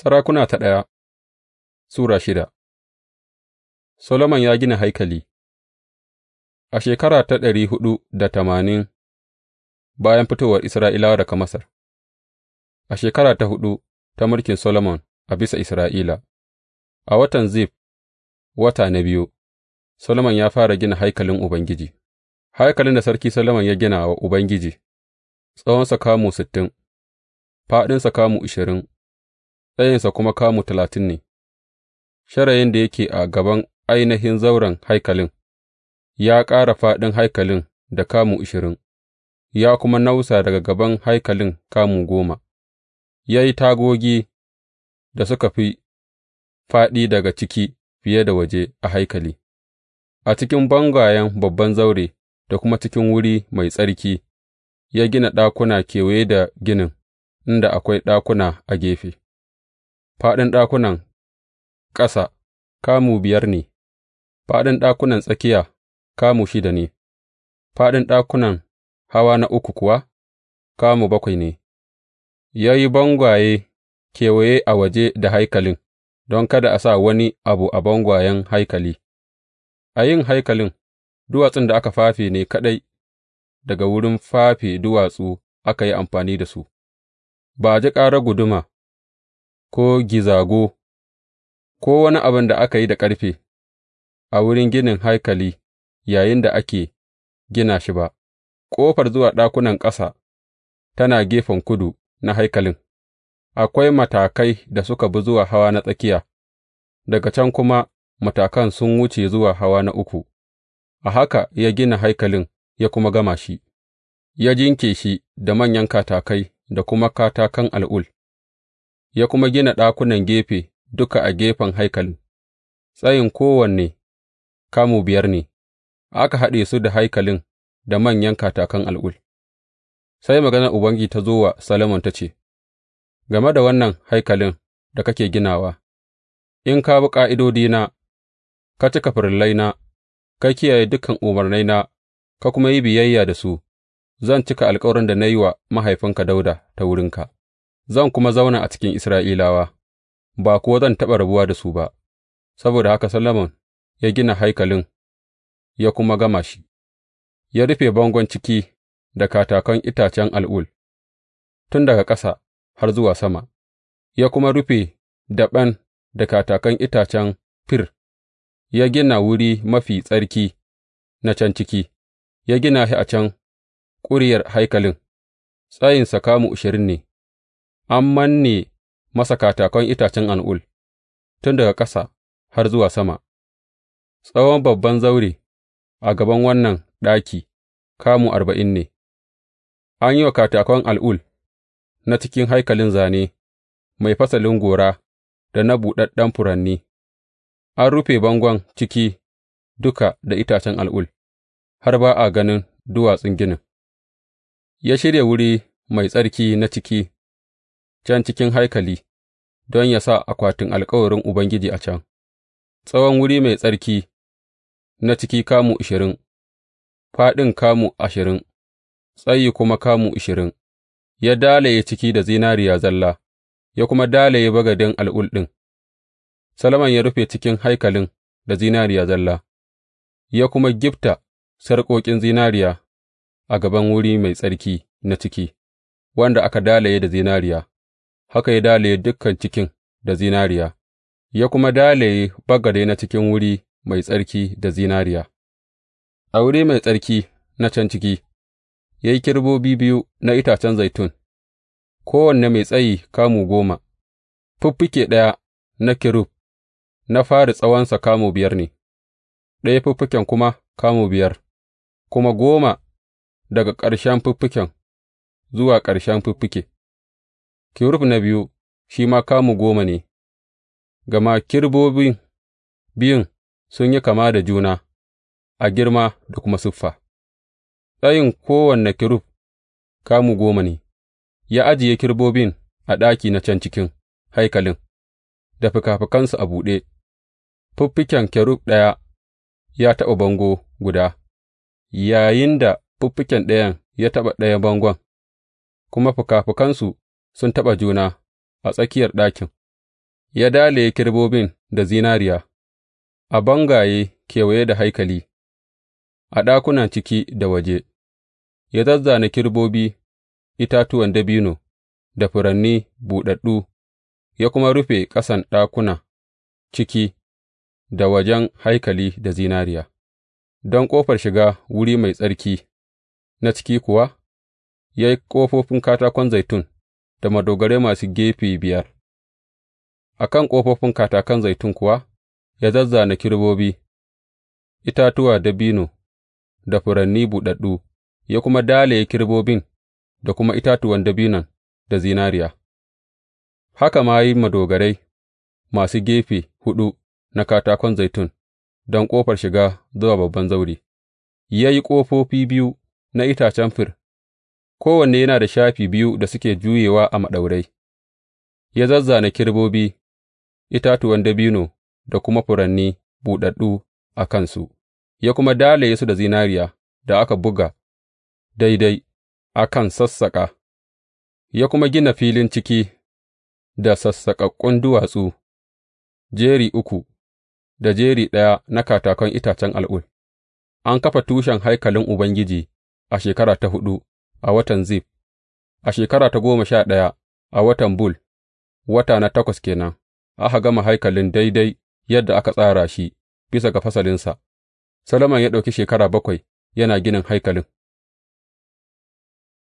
Sarakuna ta ɗaya Sura shida Solomon ya gina haikali A shekara ta ɗari huɗu da tamanin bayan fitowar Isra'ilawa daga Masar, a shekara ta huɗu ta mulkin Solomon a bisa Isra'ila, a watan Zif, wata na biyu, Solomon ya fara gina haikalin Ubangiji, haikalin da Sarki Solomon ya gina wa Ubangiji, tsawonsa kamu sittin, faɗinsa kamu ashirin. tsayinsa kuma kamu talatin ne, shirayin da yake a gaban ainihin zauren haikalin, ya ƙara faɗin haikalin da kamu ishirin, ya kuma nausa daga gaban haikalin kamu goma, ya yi tagogi da suka fi faɗi daga ciki fiye da waje a haikali, a cikin bangayen babban zaure da kuma cikin wuri mai tsarki, ya gina ɗakuna kewaye da ginin, inda akwai ɗakuna a gefe. Faɗin ɗakunan ƙasa kamu biyar ne, fāɗin ɗakunan tsakiya kamu shida ne, fāɗin ɗakunan hawa na uku kuwa kamu bakwai ne, ya yi bangwaye kewaye a waje da haikalin, don kada a sa wani abu a bangwayen haikali, a yin haikalin, duwatsun da aka fafe ne kaɗai daga wurin fafe duwatsu aka yi amfani da su, ba a ji ƙarar guduma. ko gizago, ko wani abin da aka yi da ƙarfe a wurin ginin haikali yayinda ake gina shi ba, ƙofar zuwa ɗakunan ƙasa tana gefen kudu na haikalin, akwai matakai da suka bi zuwa hawa na tsakiya, daga can kuma matakan sun wuce zuwa hawa na uku, a haka ya gina haikalin ya kuma gama shi, ya jinke shi da manyan katakai da kuma katakan al'ul. ya kuma gina ɗakunan gefe duka a gefen haikalin, tsayin kowanne kamu biyar ne, aka haɗe su da haikalin da manyan katakan al'ul. Sai maganar Ubangiji ta zo wa salomon ta ce, Game da wannan haikalin da kake ginawa, in ka bi ƙa'idodina, ka cika farillaina, ka kiyaye dukan umarnaina, ka kuma yi biyayya da su, zan cika alkawarin da na yi wa mahaifinka Dauda ta wurinka. zan kuma zauna a cikin Isra'ilawa, ba kuwa zan taɓa rabuwa da su ba, saboda haka Solomon ya gina haikalin ya kuma gama shi, ya rufe bangon ciki da katakan itacen al'ul, tun daga ƙasa har zuwa sama, ya kuma rufe daɓen da katakan itacen fir, ya gina wuri mafi tsarki na can ciki, ya gina shi a can ƙuryar haikalin, tsayinsa kamu ashirin ne. an manne masa katakan itacen al'ul tun daga ƙasa har zuwa sama, tsawon babban zaure a gaban wannan ɗaki kamu arba'in ne, an yi wa katakan al'ul na cikin haikalin zane mai fasalin gora da na buɗaɗɗen furanni, an rufe bangon ciki duka da itacen al'ul, har ba a ganin duwatsun ginin, ya shirya wuri mai tsarki na ciki can cikin haikali don yă sa akwatin alkawarin Ubangiji a can, tsawon wuri mai tsarki na ciki kamu ashirin, faɗin kamu ashirin, tsayi kuma kamu ashirin, ya dalaye ciki da zinariya zalla, ya kuma dalaye bagadin al'ul ɗin. Salaman ya rufe cikin haikalin da zinariya zalla, ya kuma gifta sarƙoƙin zinariya a gaban wuri mai tsarki na ciki, wanda aka dalaye da zinariya. haka ya dalaye dukan cikin da zinariya, ya kuma dalaye bagade na cikin wuri mai tsarki da zinariya. A wuri mai tsarki na can ciki, ya yi kirbobi biyu na itacen zaitun, kowanne mai tsayi kamu goma, fiffike ɗaya na kirub, na fari tsawonsa kamu biyar ne, ɗaya fiffiken kuma kamu biyar, kuma goma daga ƙarshen fiffiken zuwa ƙarshen fiffike. Kerub na biyu shi ma kamu goma ne, gama kerubobin biyun sun yi kama da juna a girma da kuma siffa, tsayin kowane kerub kamu goma ne, ya ajiye kerubobin a ɗaki na can cikin haikalin, da fikafikansu a buɗe, fuffiken kerub ɗaya ya taɓa bango guda, Yayin da fiffiken ɗayan ya taɓa ɗaya bangon, kuma fikafikansu. sun taɓa juna a tsakiyar ɗakin, ya dalaye kerubobin da zinariya a bangaye kewaye da haikali, a ɗakunan ciki da waje, ya zazzana kerubobi, itatuwan dabino da furanni buɗaɗɗu, ya kuma rufe ƙasan ɗakuna ciki da wajen haikali da zinariya, don ƙofar shiga wuri mai tsarki na ciki kuwa, ya yi ƙofofin katakon zaitun. da madogarai masu gefe biyar, a kan ƙofofin katakan zaitun kuwa ya zazzana kirbobi itatuwa dabino da furanni buɗaɗɗu, ya kuma dalaye kirbobin da kuma itatuwan dabinon da zinariya, haka ma yi madogarai masu gefe huɗu na katakon zaitun don ƙofar shiga zuwa babban zauri. ya yi ƙofofi biyu na itacen fir kowanne yana da shafi biyu da suke juyewa a maɗaurai, ya zazzana kerubobi, itatuwan dabino da kuma furanni buɗaɗɗu a kansu, ya kuma dalaye su da zinariya da aka buga daidai a kan sassaƙa, ya kuma gina filin ciki da sassaƙaƙƙun duwatsu, jeri uku da jeri ɗaya na katakon itacen al'ul. An kafa tushen haikalin Ubangiji a shekara ta huɗu a watan Zif, a shekara ta goma sha ɗaya a watan Bul, wata na takwas kenan, nan, aka gama haikalin daidai yadda aka tsara shi bisa ga fasalinsa, Solomon ya ɗauki shekara bakwai yana ginin haikalin.